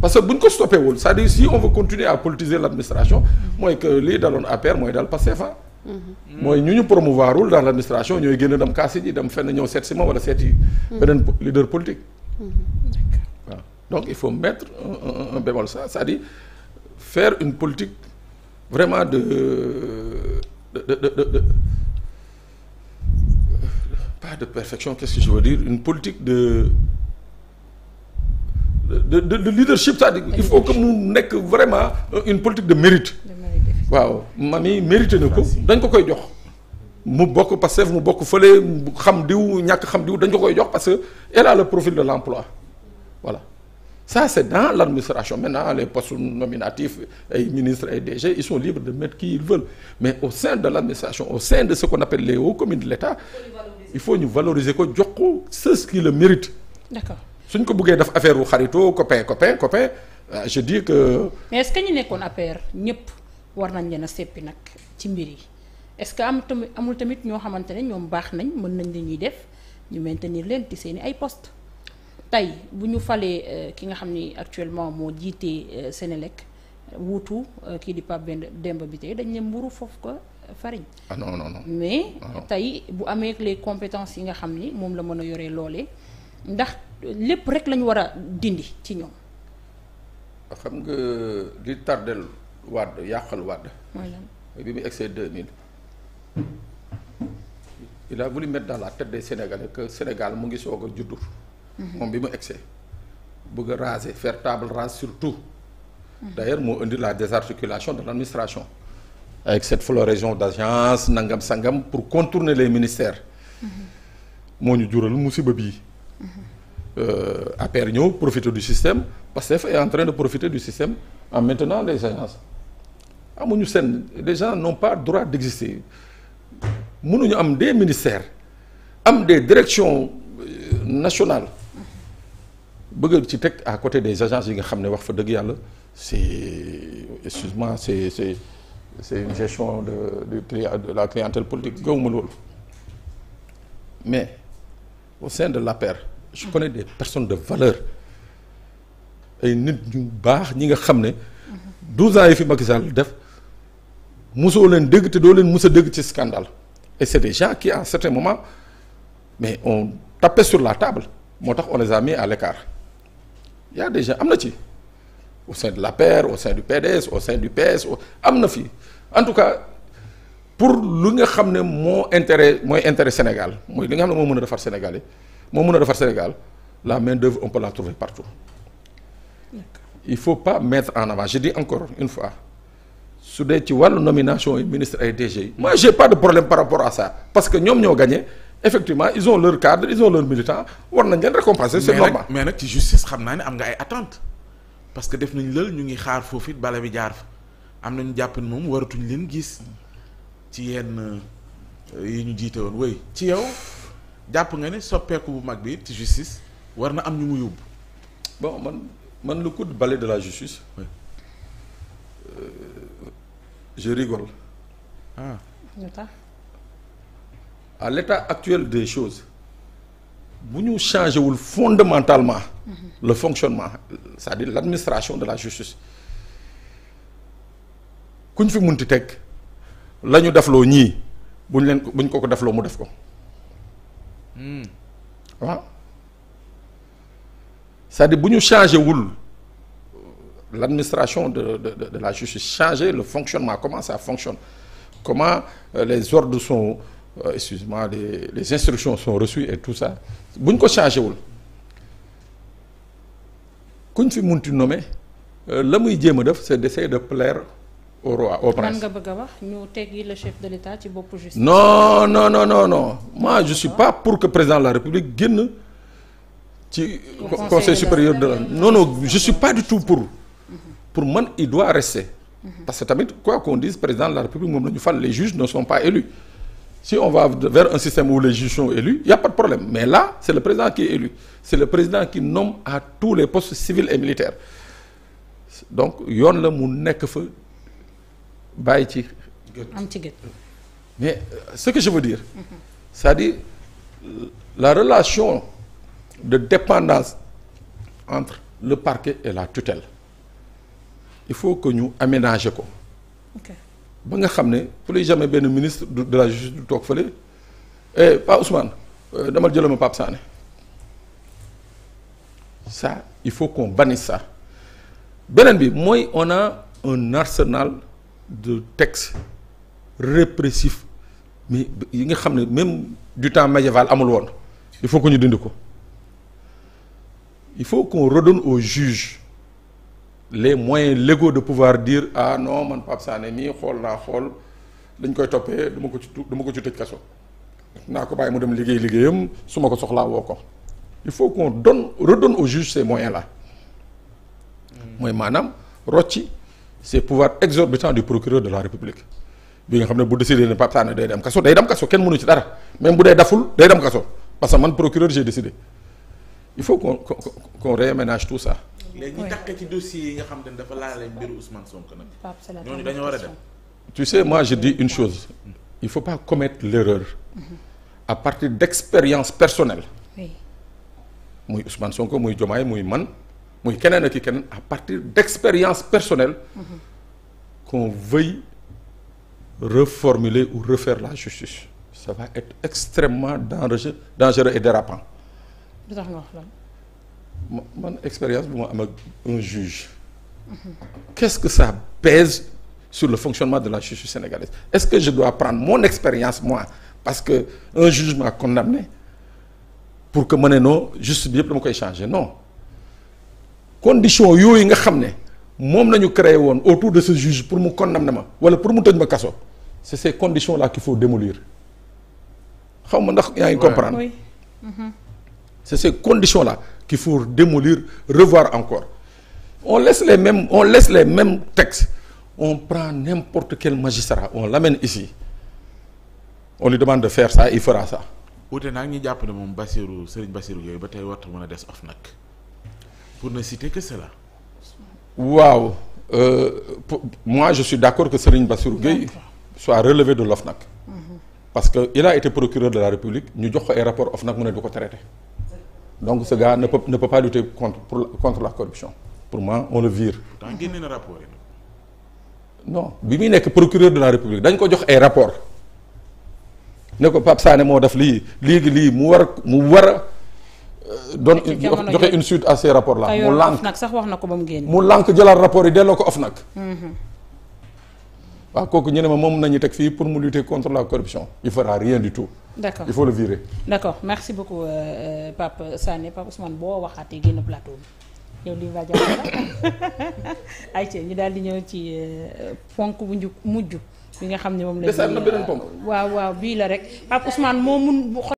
parce que bu ñu ko stoppé wul c'est-à-dire si on veut continuer à politiser l'administration mooy que lii daloon APR mooy dal Pastef a mooy ñu ñu promouvoir wul dans l'administration ñooy génn dem kaasi ji dem fenn ñëw seet si ma wala seeti beneen leader donc il faut mettre une politique vraiment de de de de, de pas de perfection qu'est-ce que je veux dire une politique de de de de leadership cest à il faut que mu nekk vraiment euh, une politique de mérite. waaw mami mérité na ko dañ ko koy jox. mu bokk Pastef mu bokk fële xam diw ñàkk xam diw dañ ko koy jox parce que elle a le de l'emploi voilà sa c'est dans l'administration maintenant les postes nominatifs ay ministres ay DG ils sont libres de mettre qui ils veulent mais au sein de l'administration au sein de ce qu'on appelle les hauts de l'État il faut ñu valoriser ko jox ko ceux qui suñ ko buggee def affaire wu xaritoo copain copain copain euh, je dis que. mais est que ñu nekkoon affaire ñëpp war nañ leen a seppi nag ci mbir yi est-ce que am tamit amul tamit ñoo xamante ne ñoom baax nañ mën nañ li ñuy def ñu maintenir leen ci seen ay post tey bu ñu falee euh, ki nga xam ni actuellement moo jiitee euh, lekk wuutu kii di Pape Demba bi tey dañ ne mburu foofu ko fariñ ah mais ah tey bu amee les compétences yi nga xam ni moom la mën a yoree loole ndax lépp rek lañu war a dindi ci ñoom. xam nga li tardel Wade yàqal Wade. voilà bi mu egsee 2000. il a voulu mettre dans la tête des Sénégal mu ngi soog a juddu. Mhm. moom bi mu egsee bëgg a raser faire table rase surtout. Mhm. d'ailleurs moo indi la désarticulation de l'administration. avec cette floraison d'agence nangam sangam pour contourner les ministères. Mhm. moo ñu jural musiba bii. Euh, APR ñëw profiter du système Pastef est en train de profiter du système en maintenant les agences amuñu seen les gens n'ont pas droit d'exister mënuñu am des ministères am des directions euh, nationales bëgg ci teg à côté des agences yi nga xam ne wax fa dëgg yàlla c'est excuse-moi c'est c'est c'est une gestion de de de la clientèle politique gëwuma loolu mais au sein de l'APR je connais de personne de valeur ay nit ñu baax ñi nga xam ne 12 ans yi fi Macky Sall def mosoo leen dégg te doo leen mos a dégg ci scandale et c'est des gens qui à un moment mais on tapait sur la table moo tax on les à l'écart yaa y am na ci au sein de l'APR au sein du PDS au sein du PS am na fi en tout cas pour lu nga xam ne moo intérêt mooy intérêt Sénégal mooy li nga xam ne moo mën a defar Sénégal yi moo mën a defar Sénégal la main d'œuvre on peut la trouver partout il faut pas mettre en avant je encore une fois su dee ci wàllu nomination yi ministre ay DG yi moi j'ai pas de problème par rapport à ça parce que ñoom ñoo gagné effectivement ils ont leur cadre ils ont leur militant war na leen récompenser c'est normal mais nag ci justice xam naa ne am nga ay attentes parce que def nañ lël ñu ngi xaar foofu it bala bi jaar fa am nañu jàpp ne moom waratuñ leen gis ci euh, ñu jiite woon wéy ci yow jàpp nga ne soppeeku bu mag bi ci justice war na am ñu mu yóbbu. bon man man lu coup bale de la justice. Oui. Euh, ah. à l'état actuel des chose bu ñu changéwul wul fondamentalement mhm. le fonctionnement c'est-à-dire l'administration de la justice ku ñu fi munti teg lañu ñu defloo ñii bu leen ko buñ ko ko defloo mu def ko. waaw hmm. c'est-à-dire bu ñu changé wul l'administration de de de la justice changer le fonctionnement comment ça fonctionne comment euh, les ordres sont euh, excuse-moi les les instructions sont reçues et tout ça bu ñu ko changé wul ku ñu fi munti nommer euh, la muy jéem a def c'est d'essayer de plaire au a wax ñu teggi le chef de l'État ci non non non moi je suis pas pour que président de la république génn ci. conseil supérieur de la non non je suis pas du tout pour. Mhm. pour man il doit rester. Mhm. parce que tamit quoi qu'on dise président de la république moom la ñu fal les juges ne sont pas élus. si on va vers un système où les juges sont élus il y a pas de problème mais là c'est le président qui est élu c'est le président qui nomme à tous les postes civils et militaires donc yoon la mu nekk fa. bàyyi ci. am ci gët mais euh, ce que je veux dire. cest à la relation de dépendance entre le parquet et la tutelle il faut que ñu aménager ko. ba nga xam ne plus jamais benn ministre de la justice du toog fële eh Paa Ousmane euh, damal jëlal ma Pape Sané ça il faut qu'on bannisse ça beneen bi mooy on a un arsenal. de texte répressif mais yi nga xam ne même du temps médiéval amul woon il faut que ñu dindi ko il faut qu'on redonne aux juges les moyens légaux de pouvoir dire ah non man Pape Sané mii xool naa xool dañ koy toppee du ko ci du ma ko ci tëj kaso naa ko bàyyi mu dem liggéey liggéeyam su ma ko soxlaa woo ko il faut qu'on donne redonne aux juges ces moyens là mooy maanaam rocci c'est pouvoir exorbitant du procureur de la République bi nga xam ne bu décidé ne Pape Sané day dem kaso day dem kaso kenn mënu ci dara même bu dee daful day dem kaso parce que man procureur j'ai décidé il faut qu'on qu'on qu'on ci nga xam ne dafa laale mbiru Ousmane Sonko nag. ñooñu dañoo war a dem. tu sais moi je dis une chose il faut commettre l'erreur mm-hmm. à partir d'expériences personnelles. oui muy usman Sonko muy Diomaye muy man. muy keneen a i keneen à partir d'expérience personnelle qu'on veuille reformuler ou refaire la justice ça va être extrêmement dangereux dangereux et dérapant man expérience bu ma am ak un juge qu'est-ce que ça pèse sur le fonctionnement de la justice sénégalaise est-ce que je dois prendre mon expérience moi parce que un juge condamné pour que ma ne non justice bi yëpp dama koy changer non condition yooyu nga xam ne moom la ñu créé woon autour de ce juge pour mu condamner ma wala pour mu tëj ma kaso c'est ces conditions là qu'il faut xaw ma ndax yaa ngi comprendre oui. Mm-hmm. c'est ces conditions là qu'il faut démolir revoir encore on laisse les mêmes on laisse les mêmes textes on prend n'importe quel magistrat on l'amène ici on lui demande de faire ça il fera ça. wuute naa ngi jàpp ne moom Bassirou Serigne Bassirou yooyu ba tey wartu mën a des OFNAC. pour ne citer que cela. waaw euh, moi je suis d'accord que Serigne Bassirou Gueye soit relevé de l'OFNAC. Mm parce que il a été procureur de la République ñu jox ko ay rapport OFNAC mu ne du ko traité. donc ce gars ne peut ne peut pas lutter contre la corruption. pour moi on le bi muy nekk procureur de la République dañ ko jox ay rapport ne ko Pape Sané moo def lii léegi lii mu war mu war Euh, doon joxe une suite à ces rapports là mu lànk sax wax na ko ba mu génn mu lànk jëlaat rapport yi delloo ko OFNAC mhm. waaw kooku ñu ne ma moom nañu teg fii pour mu lutter contre la corruption il fera rien du tout d'accord il faut le virer d'accord merci beaucoup euh, euh Pape Sané Pape Ousmane boo waxaatee génn plateau bi yow li va jàll ay ci ñu daal di ñëw ci euh, ponk bu nju mujj bi nga xam ne moom la desaat na beneen ponk waaw waaw bii la rek Pape Ousmane moo mun